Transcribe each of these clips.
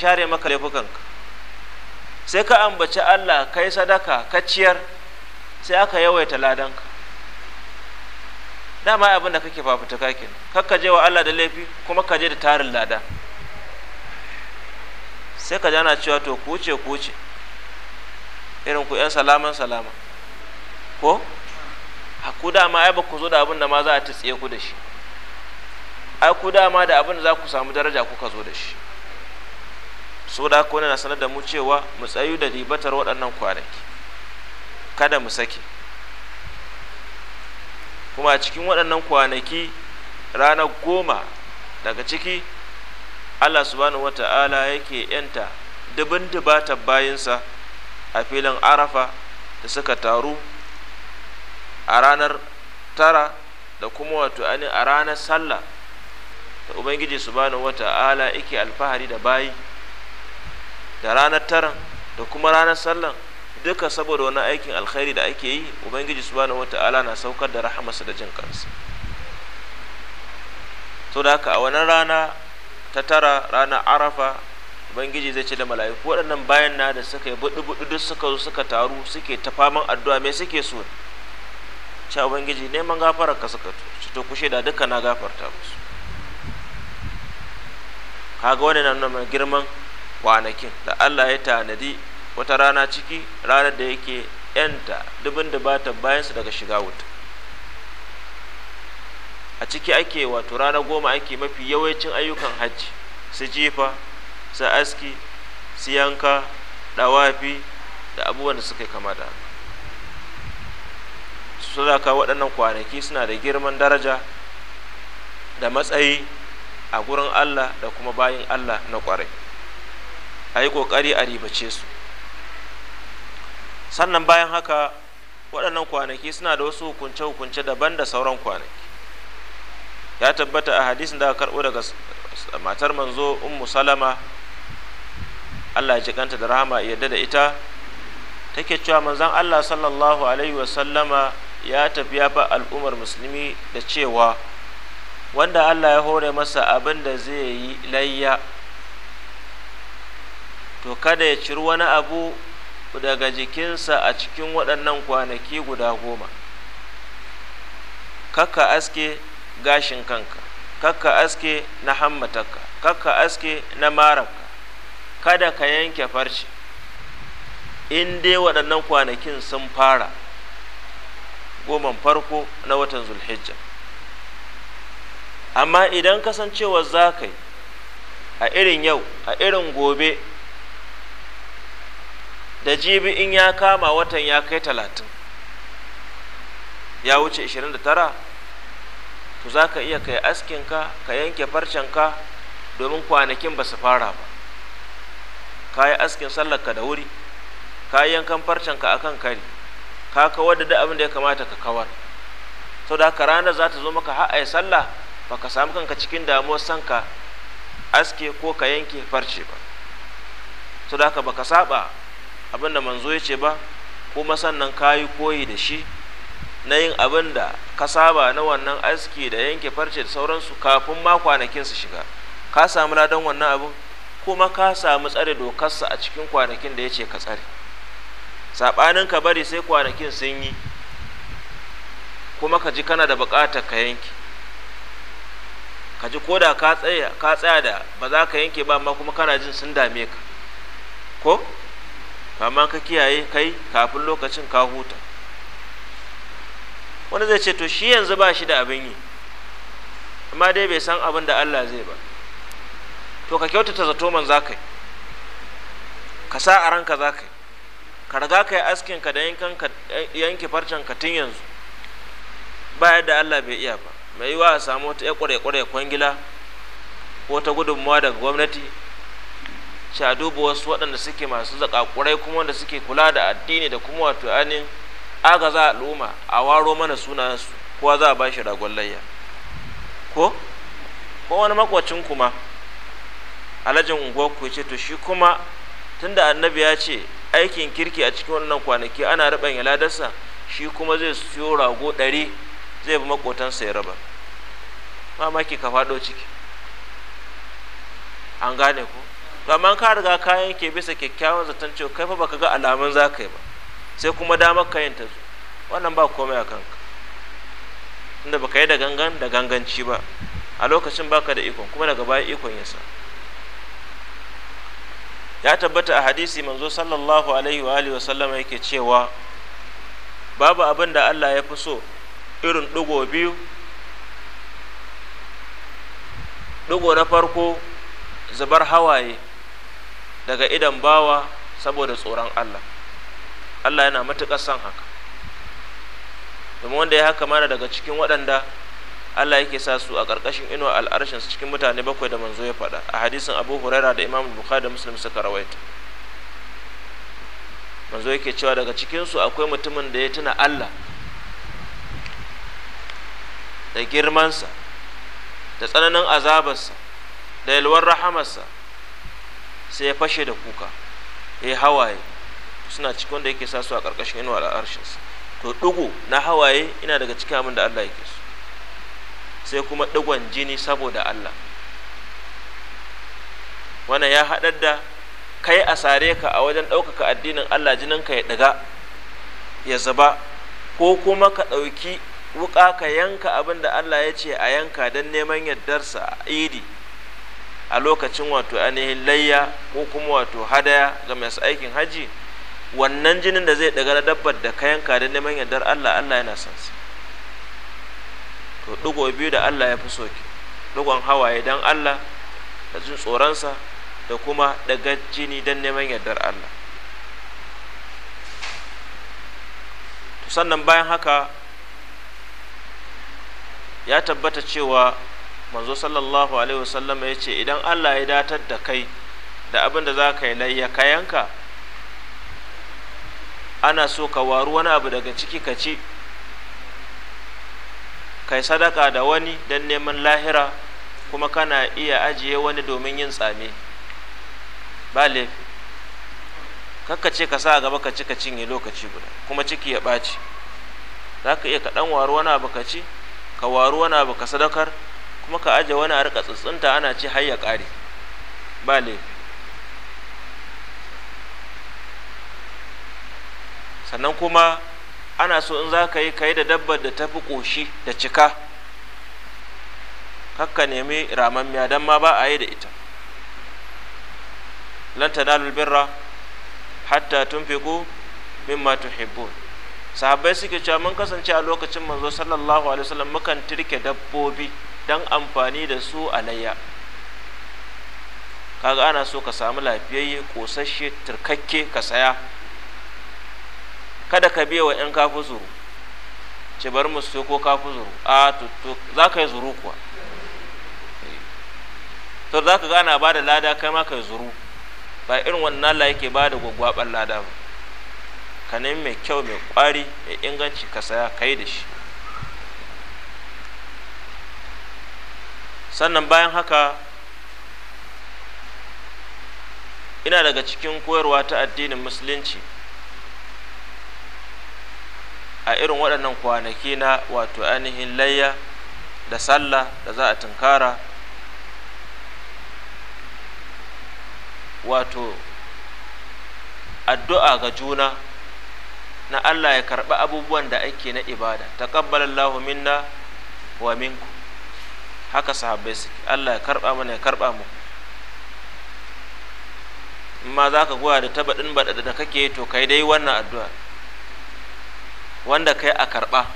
share maka laifukanka sai ka ambaci Allah ka yi sadaka ka ciyar sai aka yawaita ladanka dama abin da kake fafutuka kenan kakka je wa Allah da laifi kuma ka je da tarin lada sai ka jana cewa to kuce kuce irin ku yan salaman salama ko haku dama ai ba ku zo da abin da ma za a tsiye ku da shi ai ku dama da abin da za ku samu daraja kuka zo da shi so da na sanar da mu cewa mu tsayu da ribatar waɗannan kwanaki kada mu sake kuma a cikin waɗannan kwanaki ranar goma daga ciki allah subhanahu wata'ala yake yanta dubin dubatar bayansa a filin arafa da suka taru a ranar tara da kuma wato a ranar sallah da ubangiji subhanahu wata'ala yake alfahari da bayi da ranar taran da kuma ranar sallan duka saboda wani aikin alkhairi da ake yi ubangiji subhanahu wata'ala na saukar da rahamarsa da jin kansa to da haka a wani rana ta tara ranar arafa ubangiji zai ce da mala'iku waɗannan bayan na da suka yi buɗu-buɗu duk suka zo suka taru suke ta faman addu'a me suke so cewa ubangiji neman gafararka ka suka to kushe da duka na gafarta musu kaga wani na nuna girman kwanakin da Allah ya tanadi wata rana ciki ranar da yake yanta dubin da bata bayansu daga shiga wuta a ciki ake wato rana goma ake mafi yawancin ayyukan hajji su jifa su aski su yanka dawafi da abubuwan da suka kama da su zaka waɗannan kwanaki suna da girman daraja da matsayi a gurin Allah da kuma bayin Allah na ƙwarai a yi ƙoƙari a ribace su sannan bayan haka waɗannan kwanaki suna da wasu hukunce-hukunce daban da sauran kwanaki ya tabbata a hadisin da karɓo daga matar manzo ummu salama allah ya jikanta da rahama yadda da ita take cewa manzan allah sallallahu alaihi wasallama ya tafi ya ba al'ummar musulmi da cewa wanda allah ya hore masa abin da zai yi layya to kada ya ciri wani abu daga jikinsa a cikin waɗannan kwanaki guda goma kakka aske gashin kanka kakka aske na hammatarka kakka aske na maraka kada ka yanke farce in dai waɗannan kwanakin sun fara goma farko na watan zulhijja amma idan kasancewa za ka a irin yau a irin gobe ta jibi in ya kama watan ya kai talatin ya wuce 29 to za ka iya kai askinka ka yanke farcenka domin kwanakin ba su fara ba ka yi askin sallarka da wuri ka yi yankan farcenka akan kari ka kawar da abin da ya kamata ka kawar sau da haka ranar za ta zo maka ha'ai sallah ba ka samu kanka cikin damuwar sanka aske ko ka yanke farce ba sau da haka ba ka saba Abin abinda manzo ya ce ba kuma sannan kayi koyi da shi na yin abin da ka saba na wannan aski da yanke farce da sauransu kafin ma kwanakin su shiga ka samu ladan wannan abin kuma ka samu tsare dokarsa a cikin kwanakin da ya ce ka tsare saɓanin ka bari sai kwanakin sun yi kuma ka ji kana da buƙatar ka yanke ka ji ko da ka tsaya da ba za ka yanke ba amma kuma kana jin sun dame ka ko amma ka kiyaye kai kafin lokacin ka huta wani zai ce to shi yanzu ba shi da abin yi amma dai bai san abin da Allah zai ba to ka kyautata zato man za ka yi ka sa a ranka za ka yi ka riga ka yi askin ka da yanke farcen ka tun yanzu ba yadda Allah bai iya ba mai yiwa a samu wata ya kware kwangila ko ta gudunmawa daga gwamnati a duba wasu waɗanda suke masu zakakurai kuma wanda suke kula da addini da kuma wato anin agaza al'umma a waro mana sunayensu kowa za a ba shi ragon layya ko ko wani makwacin kuma alhajin unguwar ku ce to shi kuma tunda annabi ya ce aikin kirki a cikin wannan kwanaki ana riban yaladarsa shi kuma zai siyo rago ɗari zai bi makotansa ya raba mamaki ka faɗo ciki an gane ku to amma ka riga ka yanke bisa kyakkyawan zaton cewa kai fa baka ga alamun za ka yi ba sai kuma damar ka yin ta zo wannan ba komai a kanka tunda baka yi da gangan da ganganci ba a lokacin baka da ikon kuma daga baya ikon ya sa ya tabbata a hadisi manzo sallallahu alaihi wa alihi wa sallama yake cewa babu abin da Allah ya fi so irin dugo biyu dugo na farko zubar hawaye daga idan bawa saboda tsoron Allah Allah yana matuƙar son haka domin wanda ya haka mana daga cikin waɗanda Allah yake sa su a ƙarƙashin inuwa al'arshin su cikin mutane bakwai da manzo ya faɗa a hadisin Abu Huraira da Imam Bukhari da Muslim suka rawaita manzo yake cewa daga cikin su akwai mutumin da ya tuna Allah da girmansa da tsananin azabarsa da yalwar rahamarsa sai ya fashe da kuka ya hawaye suna cikin wanda yake sa su a ƙarƙashin inuwar arshinsa to ɗigo na hawaye ina daga cikin abin da Allah yake so sai kuma ɗigon jini saboda Allah wana ya haɗar da kai a sare ka a wajen ɗaukaka addinin Allah jininka ya ɗiga ya zuba ko kuma ka ɗauki wuƙa ka yanka abin da Allah ya ce a yanka don neman yardarsa a idi a lokacin wato ainihin layya ko kuma wato hadaya ga masu aikin haji wannan jinin da zai daga dabbar da kayan yanka da neman yardar Allah Allah yana son sa to digo biyu da Allah ya fi so ki digon hawaye dan Allah da jin tsoronsa da kuma daga jini dan neman yardar Allah to sannan bayan haka ya tabbata cewa manzo sallallahu alaihi wasallam ya ce idan Allah ya datar da kai da abin da za ka yi layya kayanka ana so ka waru wani abu daga ciki ka ci kai sadaka da wani don neman lahira kuma kana iya ajiye wani domin yin tsame ba laifi kakka ce ka sa gaba ka ci ka cinye lokaci guda kuma ciki ya ɓaci za ka iya kaɗan waru wani abu ka ci ka waru wani abu ka sadakar kuma ka aje wani a rika tsuntsunta ana ce hayya ya ba sannan kuma ana so in za ka yi ka yi da dabbar da tafi ƙoshi da cika kakka nemi ramammiya don ma ba a yi da ita lanta tanalul birra hatta min matu tuhibbun sahabbai suke cewa mun kasance a lokacin manzo sallallahu alaihi wasallam mukan tirke dabbobi don amfani da su a layya kaga ana so ka samu lafiyayye kosashe turkakke ka saya kada ka biya wa 'yan kafi zuru ce bar mu siyo ko kafi zuru a tuttu za ka yi zuru kuwa to za ka gana ba da lada kai ma ka yi zuru ba irin wannan la yake ba da gwaggwaɓar lada ba ka nemi mai kyau mai ƙwari mai inganci ka saya ka yi da shi sannan bayan haka ina daga cikin koyarwa ta addinin musulunci a irin waɗannan kwanaki na wato ainihin layya da sallah da za a tunkara wato addu'a ga juna na Allah ya karɓi abubuwan da ake na ibada ta minna wa minku haka sahabbai suke Allah ya karba mana ya karba mu in ma za ka goya da tabaɗin ba da kake to kai dai wannan addu'a wanda kai a karɓa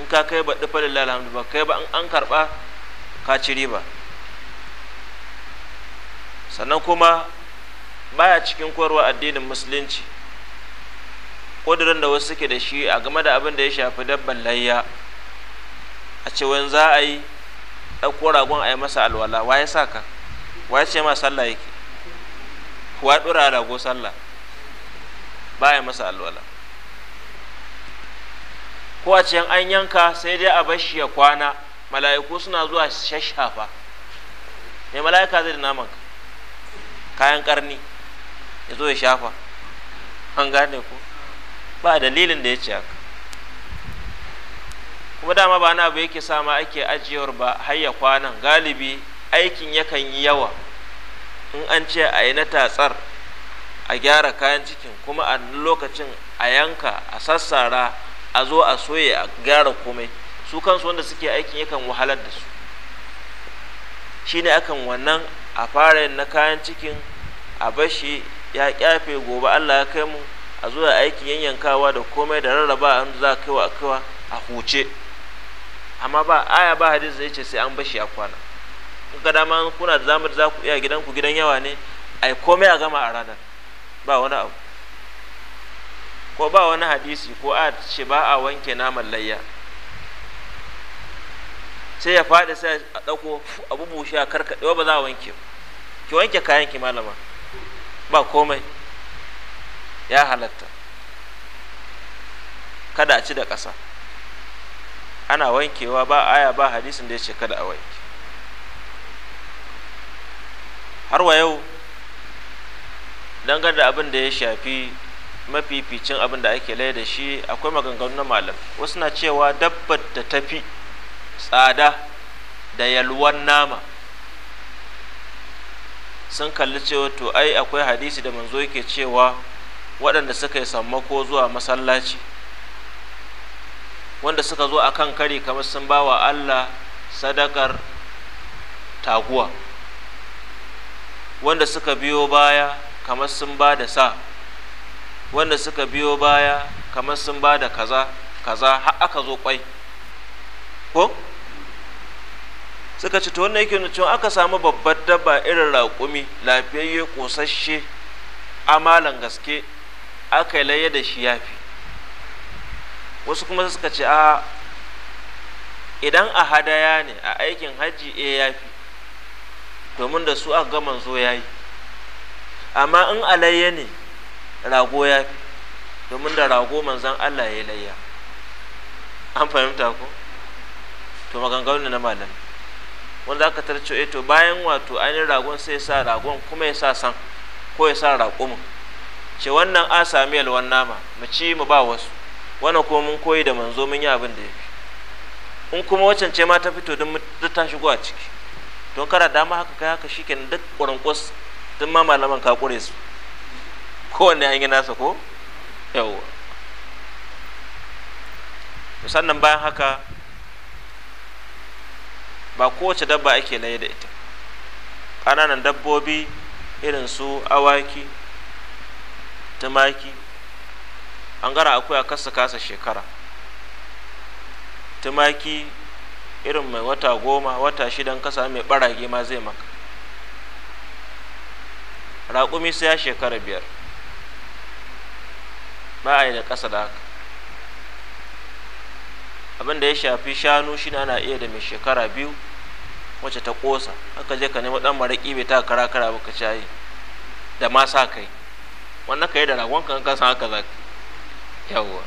in ka kai baɗi fa lillahi alhamdu ba kai ba an karɓa ka ci riba sannan kuma baya cikin koyarwa addinin musulunci ƙudurin da wasu suke da shi a game da abin da ya shafi dabban layya a ce wani za a yi ɗauko ragon a yi masa alwala wa ya sa ka wa ya ce ma sallah yake wa ɗora rago sallah ba ya masa alwala ko a ce an yanka sai dai a bar shi ya kwana mala'iku suna zuwa shashafa mai mala'ika zai da naman kayan karni ya zo ya shafa an gane ko ba dalilin da ya ce haka kuma dama ba na abu yake sama ake ajiyar ba hayya kwanan galibi aikin yakan yi yawa in an ce a yi na tatsar a gyara kayan cikin kuma a lokacin a yanka a sassara a zo a soye a gyara komai su kansu wanda suke aikin yakan wahalar da su shine akan wannan a fara yin na kayan cikin a bashi ya kyafe gobe allah ya kai mu a zuwa aikin yanyankawa da komai da rarraba a za a kaiwa a kaiwa a huce amma ba aya ba hadisi zai ce sai an bashi ya kwana kun ka dama kuna da zamu za ku iya gidan ku gidan yawa ne ai komai a gama a ranar ba wani abu ko ba wani hadisi ko a ce ba a wanke naman layya sai ya faɗi sai a ɗauko abu bushe a karkaɗe ba za a wanke ki wanke kayan ki malama ba komai ya halatta kada a ci da ƙasa ana wankewa ba aya ba hadisin da ya ce kada a wanke har wa yau dangane da abin da ya shafi mafificin abin da ake laida shi akwai maganganu na malam wasu na cewa dabbar da tafi tsada da yalwan nama sun kalli cewa to ai akwai hadisi da manzo yake cewa waɗanda suka yi sammako zuwa masallaci wanda suka zo akan kari kamar sun ba wa Allah sadakar taguwa wanda suka biyo baya kamar sun ba da sa wanda suka biyo baya kamar sun ba da kaza kaza har aka zo kwai ko suka ci to wannan yake cewa aka samu babbar dabba irin raƙumi lafiyayye ƙosasshe amalan gaske aka yi laye da shi yafi wasu kuma suka ce a idan a hadaya ne a aikin hajji e ya fi domin da su aka gama zo ya yi amma in alayya ne rago ya fi domin da rago manzan allah ya layya an fahimta ku? to maganganu na malam wanda aka tarce eto eh, bayan wato ainihin ragon sai sa ragon kuma ya sa san ko ya sa raƙumin ce wannan a sami yalwan nama mu ci mu ba wasu wannan kuma mun koyi da manzo mun yi abin da ya fi in kuma wacan ce ma ta fito don ta shigo a ciki don kara dama haka kai haka shikenan duk ƙwarin tun ma malaman ka ƙure su kowanne an yi nasa ko yawwa sannan bayan haka ba kowace dabba ake laye da ita ƙananan dabbobi irin su awaki tumaki an gara akuya kasa kasa shekara tumaki irin mai wata goma wata shidan kasa mai barage ma zai maka raƙumi sai ya shekara biyar ba a yi da ƙasa da haka abin da ya shafi shanu shi ana iya da mai shekara biyu wacce ta ƙosa haka je ka nemi ɗan maraƙi bai ta kara kara baka cayi da ma sa kai wannan ka yi da ragon kan kasa haka zaki. yawwa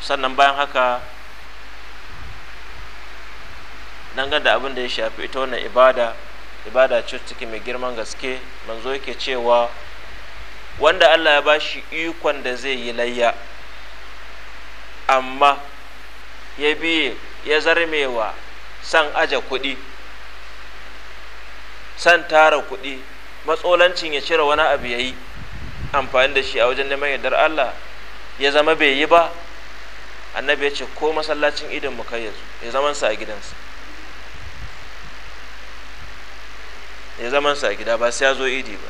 sannan bayan haka dangane da abin da ya shafi ita wannan ibada ibada ce take mai girman gaske manzo yake cewa wanda Allah ya bashi ikon da zai yi layya amma ya biye ya zarmewa san aje kuɗi san tara kuɗi matsolancin ya cire wani abu ya yi amfani da shi a wajen neman yardar Allah ya zama bai yi ba annabi ya ce ko masallacin idin mu kai yanzu ya zaman sa a gidansa ya zaman sa a gida ba sai ya zo idi ba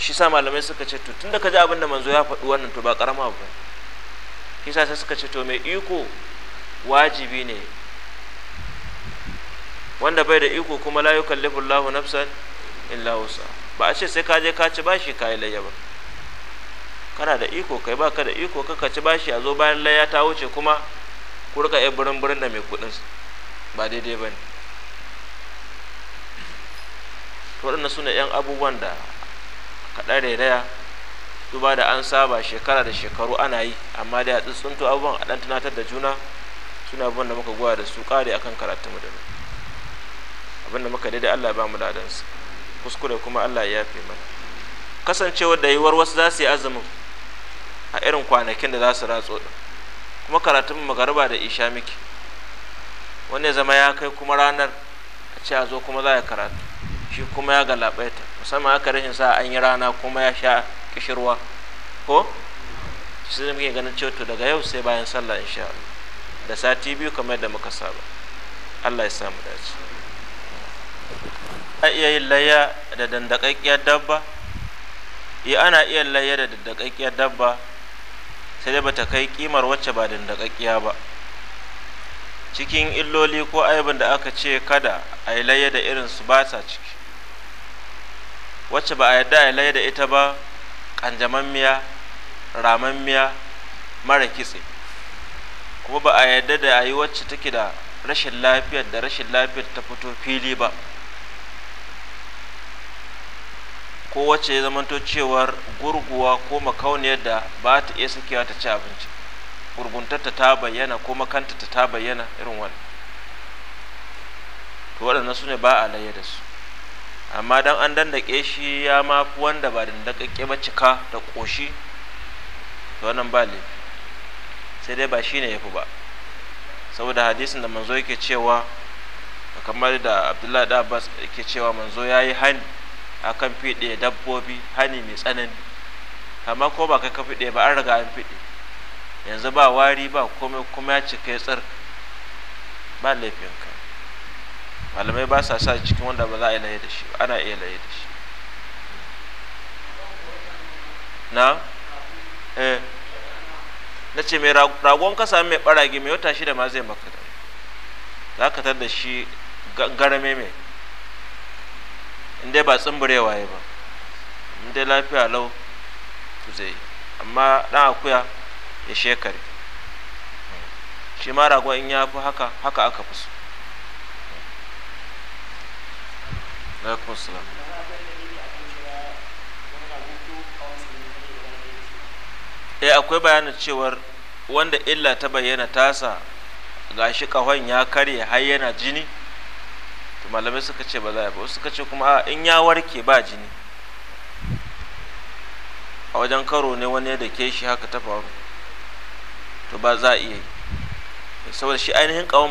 shi sa malamai suka ce to tunda ka ji abin da manzo ya faɗi wannan to ba karama ba shi sa sai suka ce to mai iko wajibi ne wanda bai da iko kuma la yukallifu Allahu nafsan illa wusa ba a ce sai ka je ka ci bashi ka yi layya ba kana da iko kai ba ka da iko ka ci bashi a zo bayan layya ta wuce kuma ku rika ai birin birin da mai kuɗin ba daidai ba ne waɗanda su 'yan abubuwan da kaɗan rairaya duba da an saba shekara da shekaru ana yi amma da yatsu sun to abubuwan a ɗan tunatar da juna suna abubuwan da muka goya da su kare akan karatu mu da da muka daidai allah ba mu kuskure kuma Allah ya yafe mana kasancewa da yiwuwar wasu za su yi azumin a irin kwanakin da za su ratso din kuma karatun magarba da isha miki wanda ya zama ya kai kuma ranar a ce a zo kuma za ya karatu shi kuma ya galabaita musamman aka rashin sa an yi rana kuma ya sha kishirwa ko shi ne muke ganin cewa daga yau sai bayan sallah insha da sati biyu kamar yadda muka saba Allah ya samu dace a iya yin layya da dandakakkiyar dabba yi eh, ana iya layya da dandakakkiyar dabba sai dai bata kai kimar wacce ba dandakakkiya ba cikin illoli ko aibin da aka ce kada a yi layya da irin su ba ciki wacce ba a yarda a yi layya da ita ba kanjamammiya ramammiya mara kitse kuma ba a yarda da a yi wacce take da rashin lafiyar da rashin lafiyar ta fito fili ba ko wacce ya zamanto cewar gurguwa ko makauniyar da ba ta iya sakewa ta ci abinci gurguntarta ta bayyana ko makanta ta bayyana irin wani to waɗannan su ne ba a laye da su amma dan an dandake shi ya ma wanda ba da dandakakke ba cika da ƙoshi da wannan ba laifi sai dai ba shi ne ya fi ba saboda hadisin da manzo yake cewa kamar da abdullahi da abbas yake cewa manzo ya yi hani akan fiɗe dabbobi hani mai tsanani amma ko ba kai ka fiɗe ba an riga an fiɗe yanzu ba wari ba komai kuma ya cika tsir ba laifin ka malamai ba sa sa cikin wanda ba za a yi laye da shi ba ana iya laye da shi na eh na ce mai ragon kasa mai barage mai wata shida ma zai maka da za ka tar da shi garame mai inda ba tsumburewa ya ba inda lafiya lau zai amma dan akuya ya shekare shi ma ragon in ya fi haka haka aka fi su e eh, akwai bayanin cewar wanda illa ta bayyana tasa gashi kahon ya karye har yana jini malamai suka ce ba za a ba suka ce kuma a in ya warke ba jini a wajen karo ne wani da ke shi haka ta faru to ba za a iya yi saboda shi ainihin kawon